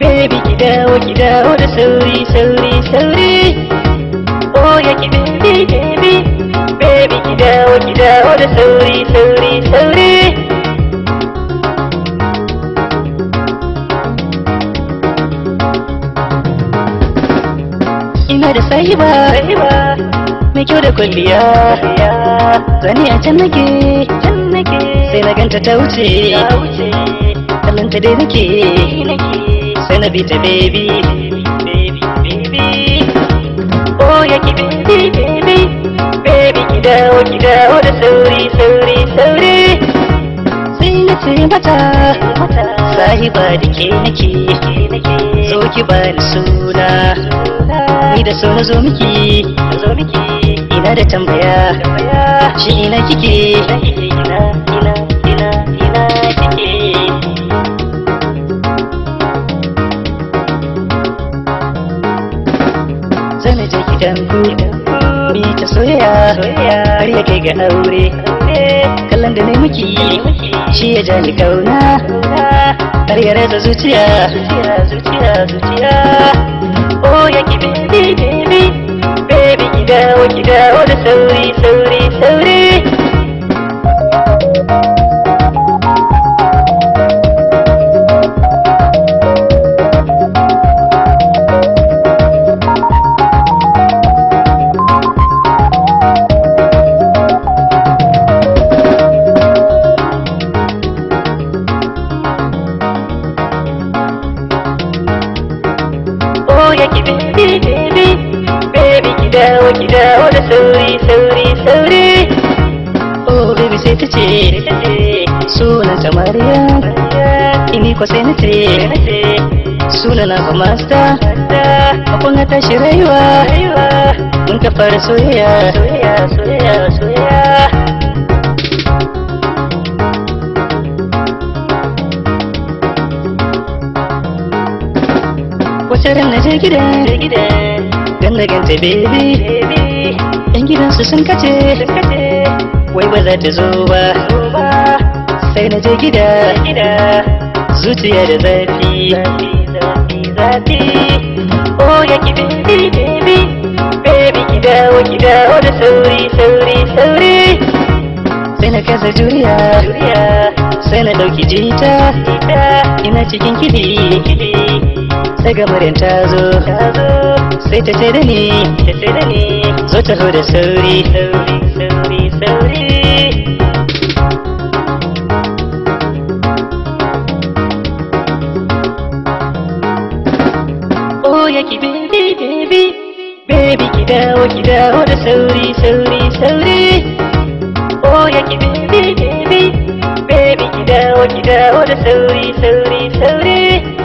baby ki dawo ki dawo da sauri sauri sauri oh ya ki baby baby baby ki dawo ki dawo da sauri sauri sauri ina da sa'iba me kyau da kwalliya zani a can nake sai na ganta ta wuce kallon ta dai nake gonna be the baby, baby, baby. baby. Oh yeah, ki baby, baby, baby ki dawo ki dawo sorry, sauri, sauri, sauri. it na ce mata, sahiba da ke nake, zo ki bani suna. Ni da so na zo miki, ina da tambaya, shi ina kike, ina, ina. zane je gidan buɗe mi ta soyayya har yake kai ga aure eh, kallon da ne miki shi ya jani kauna har yare rasa zuciya zuciya zuciya oh ya ki baby baby baby ki gidawo ki dawo da sauri ya ki bi bi baby ki dawo ki dawo da sauri sauri sauri oh baby sai ta ce suna ta mariya ini ko sai na ce suna na ba masta akwai na tashi rayuwa mun ka fara soyayya soyayya soyayya soyayya wata na je gida dan na ganta baby yan gidansu sun kace wai ba za ta zo ba sai na je gida zuciya da zafi zafi oh ya ki bebe bebe bebe ki dawo ki dawo da sauri sauri sauri sai na kasa juriya sai na dauki jita ina cikin kidi daga murin ta zo sai ta ce da ni zo ta zo da sauri sauri sauri baby, baby, baby, baby, baby. baby ki dawo ki dawo da sauri sauri sauri baby, baby, ki baby baby baby ki dawo ki dawo da sauri sauri sauri